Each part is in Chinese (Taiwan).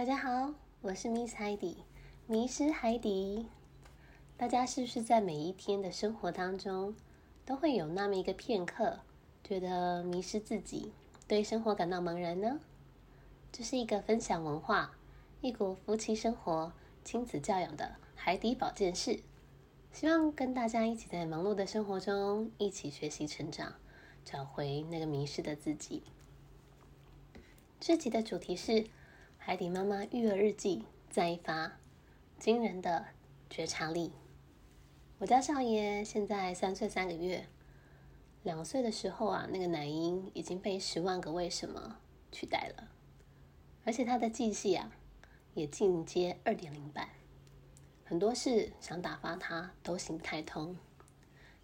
大家好，我是 Miss 海底，迷失海底。大家是不是在每一天的生活當中，都會有那麼一個片刻，覺得迷失自己，對生活感到茫然呢？這是一個分享文化，異國夫妻生活、親子教養的海底保健室，希望跟大家一起在忙碌的生活中，一起學習成長，找回那個迷失的自己。這集的主題是。《海底媽媽育兒日記》再一發，驚人的覺察力。我家少爺現在三歲三個月，兩歲的時候啊，那個奶音已經被《十萬個為什麼》取代了，而且他的記性啊也進階二點零版，很多事想打發他都行不太通。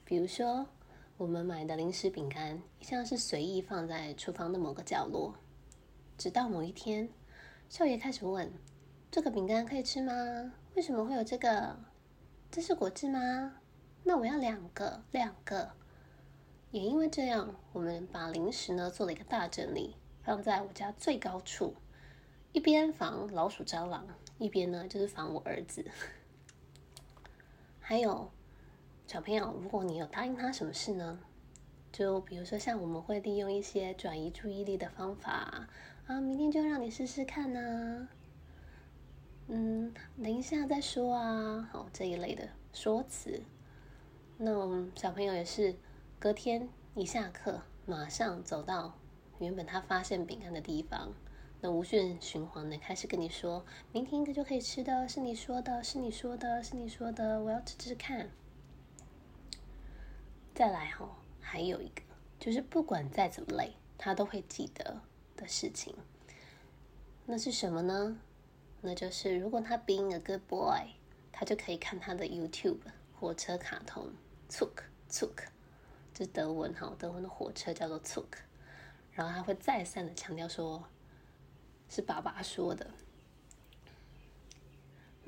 比如說，我們買的零食餅乾一向是隨意放在廚房的某個角落，直到某一天。少爺開始問：“這個餅乾可以吃嗎？為什麼會有這個？這是果汁嗎？那我要兩個，兩個。”也因為這樣，我們把零食呢做了一個大整理，放在我家最高處，一邊防老鼠蟑螂，一邊呢就是防我兒子。還有，小朋友，如果你有答應他什麼事呢？就比如說像我們會利用一些轉移注意力的方法。啊，明天就讓你試試看吶，啊。嗯，等一下再說啊。好，這一類的說辭，那我們小朋友也是隔天一下課，馬上走到原本他發現餅乾的地方，那無限循環的開始跟你說：“明天應該就可以吃的，是你說的，是你說的，是你說的，是你說的，我要吃吃看。”再來哈，哦，還有一個就是，不管再怎麼累，他都會記得。的事情，那是什麼呢？那就是如果他 being a good boy，他就可以看他的 YouTube 火車卡通，took took，這是德文哈，德文的火車叫做 took，然後他會再三的強調說，是爸爸說的。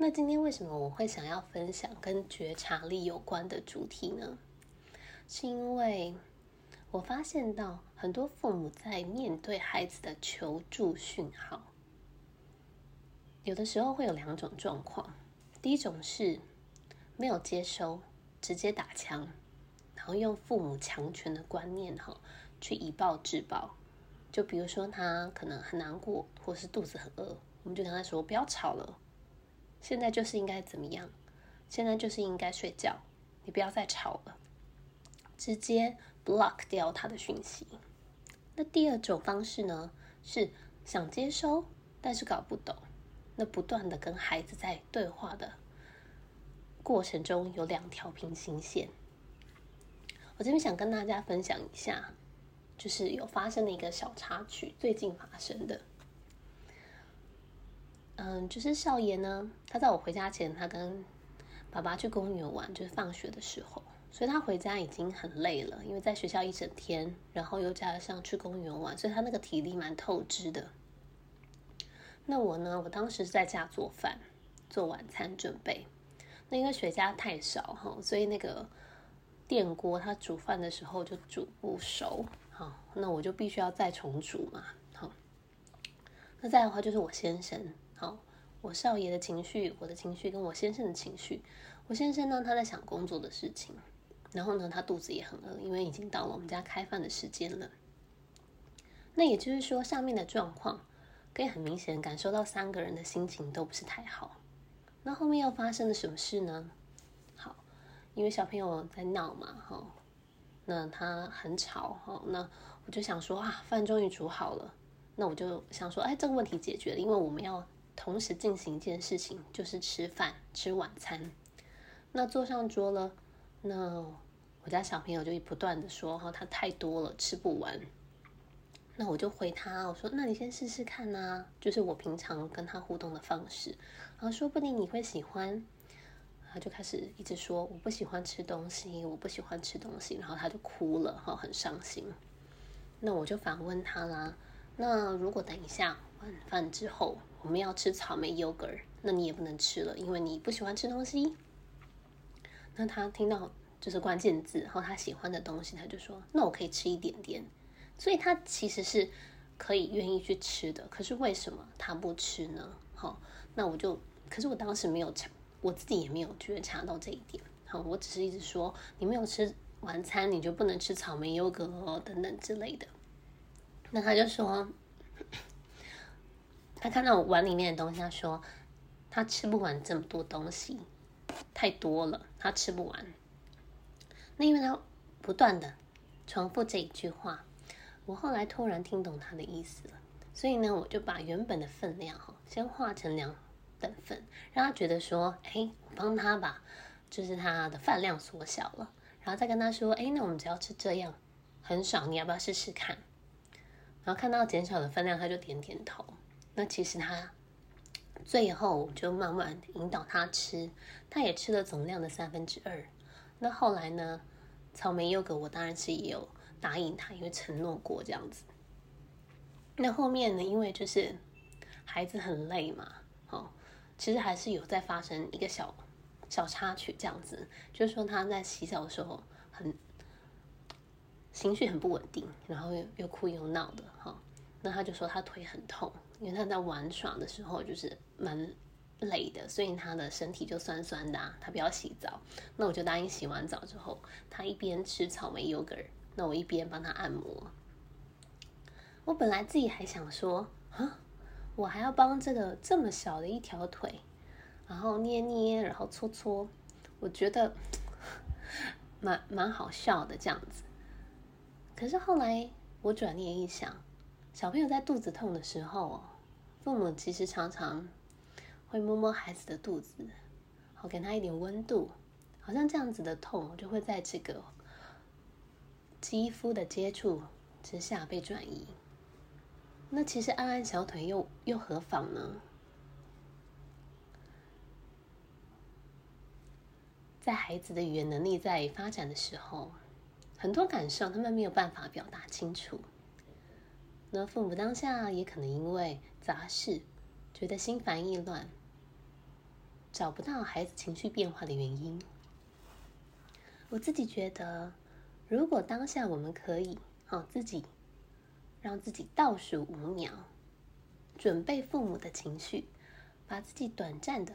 那今天為什麼我會想要分享跟覺察力有關的主題呢？是因為。我發現到很多父母在面對孩子的求助訊號，有的時候會有兩種狀況。第一種是沒有接收，直接打槍，然後用父母強權的觀念哈，去以暴制暴。就比如說他可能很難過，或是肚子很餓，我們就跟他說：“不要吵了，現在就是應該怎麼樣？現在就是應該睡覺，你不要再吵了。”直接。block 掉他的訊息。那第二種方式呢，是想接收，但是搞不懂。那不斷的跟孩子在對話的過程中，有兩條平行線。我這邊想跟大家分享一下，就是有發生的一個小插曲，最近發生的。嗯，就是少爺呢，他在我回家前，他跟爸爸去公園玩，就是放學的時候。所以他回家已經很累了，因為在學校一整天，然後又加上去公園玩，所以他那個體力蠻透支的。那我呢？我當時在家做飯，做晚餐準備。那因為水加太少哈、哦，所以那個電鍋他煮飯的時候就煮不熟。好，那我就必須要再重煮嘛。好，那再的話就是我先生，好，我少爺的情緒，我的情緒跟我先生的情緒。我先生呢，他在想工作的事情。然後呢，他肚子也很餓，因為已經到了我們家開飯的時間了。那也就是說，上面的狀況可以很明顯感受到，三個人的心情都不是太好。那後面又發生了什麼事呢？好，因為小朋友在鬧嘛，哈、哦，那他很吵，哈、哦，那我就想說啊，飯終於煮好了，那我就想說，哎，這個問題解決了，因為我們要同時進行一件事情，就是吃飯，吃晚餐。那坐上桌了。那我家小朋友就一不斷的說哈，他太多了，吃不完。那我就回他，我說，那你先試試看吶、啊，就是我平常跟他互動的方式，然後說不定你會喜歡。他就開始一直說我不喜歡吃東西，我不喜歡吃東西，然後他就哭了，哈，很傷心。那我就反問他啦，那如果等一下晚飯之後我們要吃草莓 yogurt，那你也不能吃了，因為你不喜歡吃東西。那他聽到就是關鍵字，然後他喜歡的東西，他就說：“那我可以吃一點點。”所以他其實是可以願意去吃的。可是為什麼他不吃呢？好，那我就，可是我當時沒有查，我自己也沒有覺察到這一點。好，我只是一直說：“你沒有吃晚餐，你就不能吃草莓優格哦，等等之類的。”那他就說，他看到我碗裡面的東西，他說：“他吃不完這麼多東西。”太多了，他吃不完。那因為他不斷地重複這一句話，我後來突然聽懂他的意思了。所以呢，我就把原本的分量哈，先劃成兩等份，讓他覺得說，哎、欸，我幫他把就是他的飯量縮小了。然後再跟他說，哎、欸，那我們只要吃這樣很少，你要不要試試看？然後看到減少的分量，他就點點頭。那其實他。最後就慢慢引導他吃，他也吃了總量的三分之二。3, 那後來呢？草莓優格我當然是也有答應他，因為承諾過這樣子。那後面呢？因為就是孩子很累嘛，哦，其實還是有在發生一個小小插曲這樣子，就是說他在洗澡的時候，很情緒很不穩定，然後又又哭又鬧的哈。哦那他就說他腿很痛，因為他在玩耍的時候就是蠻累的，所以他的身體就酸酸的啊，他不要洗澡，那我就答應洗完澡之後，他一邊吃草莓優格，那我一邊幫他按摩。我本來自己還想說啊，我還要幫這個這麼小的一條腿，然後捏捏，然後搓搓，我覺得蠻蠻好笑的這樣子。可是後來我轉念一想。小朋友在肚子痛的時候，父母其實常常會摸摸孩子的肚子，好給他一點溫度，好像這樣子的痛就會在這個肌膚的接觸之下被轉移。那其實按按小腿又又何妨呢？在孩子的語言能力在發展的時候，很多感受他們沒有辦法表達清楚。那父母當下也可能因為雜事，覺得心煩意亂，找不到孩子情緒變化的原因。我自己覺得，如果當下我們可以，好、哦、自己讓自己倒數五秒，準備父母的情緒，把自己短暫的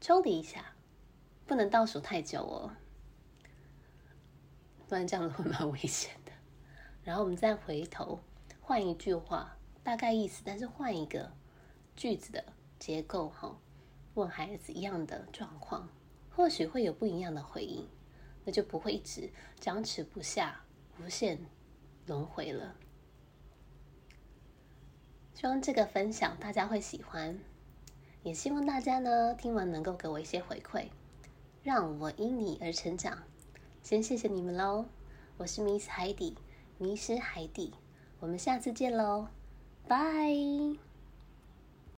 抽離一下，不能倒數太久哦，不然這樣子會蠻危險的。然後我們再回頭。換一句話，大概意思，但是換一個句子的結構，哈，問孩子一樣的狀況，或許會有不一樣的回應，那就不會一直僵持不下，無限輪迴了。希望這個分享大家會喜歡，也希望大家呢聽完能夠給我一些回饋，讓我因你而成長。先謝謝你們嘍，我是 Miss 海底，迷失海底。我們下次見嘍，拜。